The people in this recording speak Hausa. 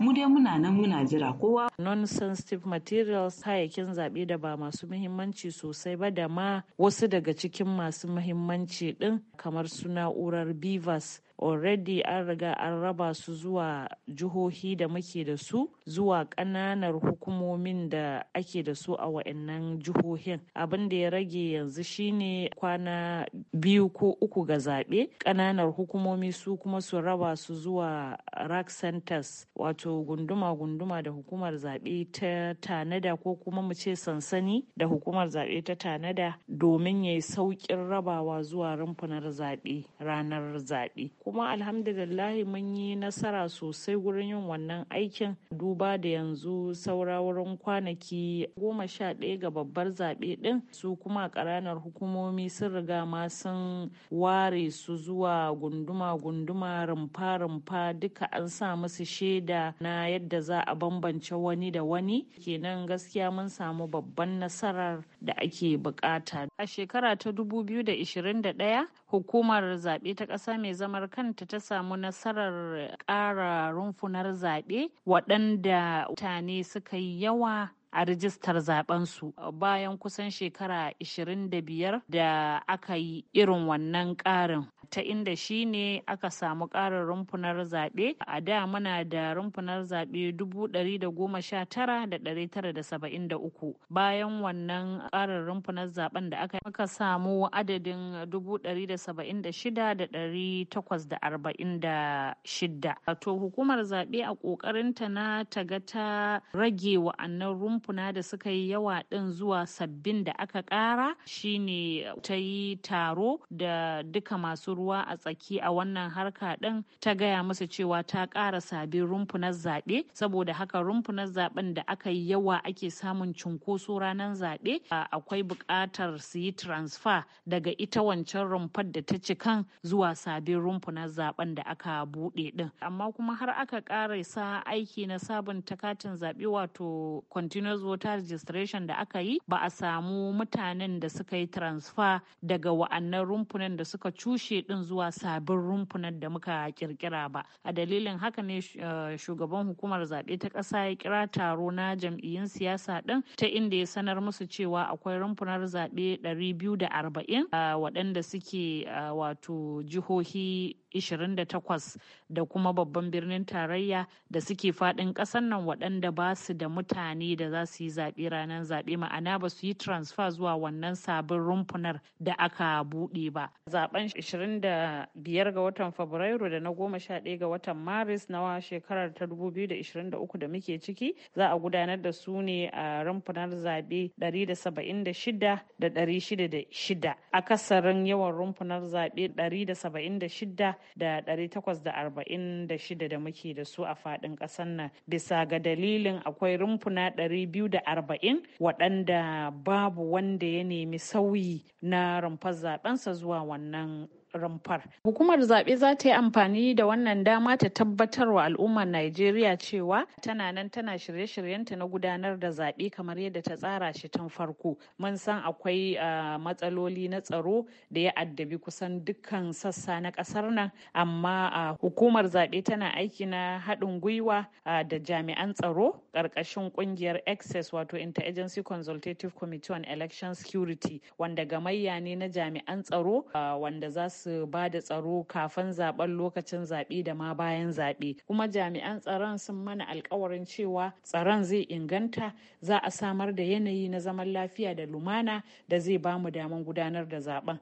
mu dai muna nan muna jira kowa non-sensitive materials Hayakin zaɓe da ba masu muhimmanci sosai ba da ma wasu daga cikin masu muhimmanci ɗin kamar su na'urar beavers already an riga an raba su zuwa jihohi da muke da su zuwa ƙananar hukumomin da ake da su a wa'annan jihohin abin da ya rage yanzu shine kwana biyu ko uku ga zaɓe ƙananar hukumomi su kuma su raba su zuwa rack centers wato gunduma-gunduma da hukumar zaɓe ta tanada ko kuma mu ce sansani da hukumar zaɓe ta tanada domin ya yi sauƙin rabawa zuwa rumfunar zaɓe ranar zaɓe kuma alhamdulillahi mun yi nasara sosai wurin yin wannan aikin duba da yanzu saura wurin kwanaki goma sha ɗaya ga babbar zaɓe ɗin su kuma ƙaranar hukumomi sun riga ma sun ware su zuwa gunduma-gunduma rumfa-rumfa duka an sa musu shaida na yadda za a bambance wani da wani kenan gaskiya mun samu babban nasarar da ake bukata a shekara ta 2021 hukumar zaɓe ta ƙasa mai zamar kanta ta samu nasarar ƙara rumfunar zaɓe waɗanda mutane suka yi yawa a rijistar zabensu bayan kusan shekara 25 da aka yi irin wannan ƙarin ta inda shi ne aka samu ƙarin rumfunar zaɓe a da muna da rumfunar zaɓe 119,973 bayan wannan ƙarin rumfunar zaɓen da aka aka samu adadin 176,846 wato hukumar zaɓe a ƙoƙarinta na taga ta rage wa'annan rumfunar rumfuna da suka yi yawa ɗin zuwa sabbin da aka ƙara shine ta yi taro da duka masu ruwa a tsaki a wannan harka ɗin ta gaya musu cewa ta ƙara sabbin rumfunan zaɓe saboda haka rumfunan zaɓen da aka yi yawa ake samun cunkoso ranar zaɓe akwai buƙatar su yi transfer daga ita wancan rumfar da ta ci kan zuwa sabbin rumfunan zaɓen da aka buɗe ɗin amma kuma har aka ƙara sa aiki na sabunta katin zaɓe wato continuous primary voter registration da aka yi ba a samu mutanen da suka yi transfer daga wa'annan rumfunan da suka cushe din zuwa sabbin rumfunan da muka kirkira ba a dalilin haka ne eh, shugaban hukumar zaɓe ta ƙasa ya kira taro na jam'iyyun siyasa din ta inda ya sanar musu cewa akwai rumfunar zaɓe 240 eh, waɗanda suke eh, wato jihohi 28 da kuma babban birnin tarayya da suke faɗin ƙasar nan waɗanda ba su da mutane da za su yi zaɓe ranar zaɓe ma'ana ba su yi transfer zuwa wannan sabon rumfunar da aka buɗe ba. Zaben 25 ga watan Fabrairu da na 11 ga watan Maris na shekarar ta 2023 da muke ciki za a gudanar da su ne a rumfunar zaɓe 176 da 606. Akasarin yawan rumfunar zaɓe 176 da 846 da muke da su a faɗin ƙasar nan bisa ga dalilin akwai rumfuna 200 biyu da arba'in waɗanda babu wanda ya nemi sauyi na rumfar zaɓensa zuwa wannan rumfar. Hukumar zaɓe za ta yi amfani da wannan dama ta tabbatar wa al'ummar Najeriya cewa tana nan tana shirye-shiryenta na gudanar da zaɓe kamar yadda ta tsara shi tun farko. Mun san akwai ah, matsaloli na tsaro da ya addabi kusan dukkan sassa na ƙasar nan amma ah, hukumar zaɓe tana aiki na haɗin gwiwa ah, da jami'an tsaro ƙarƙashin ƙungiyar access wato interagency consultative committee on election security wanda gamayya ne na jami'an tsaro wanda za su su ba da tsaro kafin zaben lokacin zaɓe da ma bayan zaɓe kuma jami'an tsaron sun mana alkawarin cewa tsaron zai inganta za a samar da yanayi na zaman lafiya da lumana da zai ba mu damar gudanar da zaben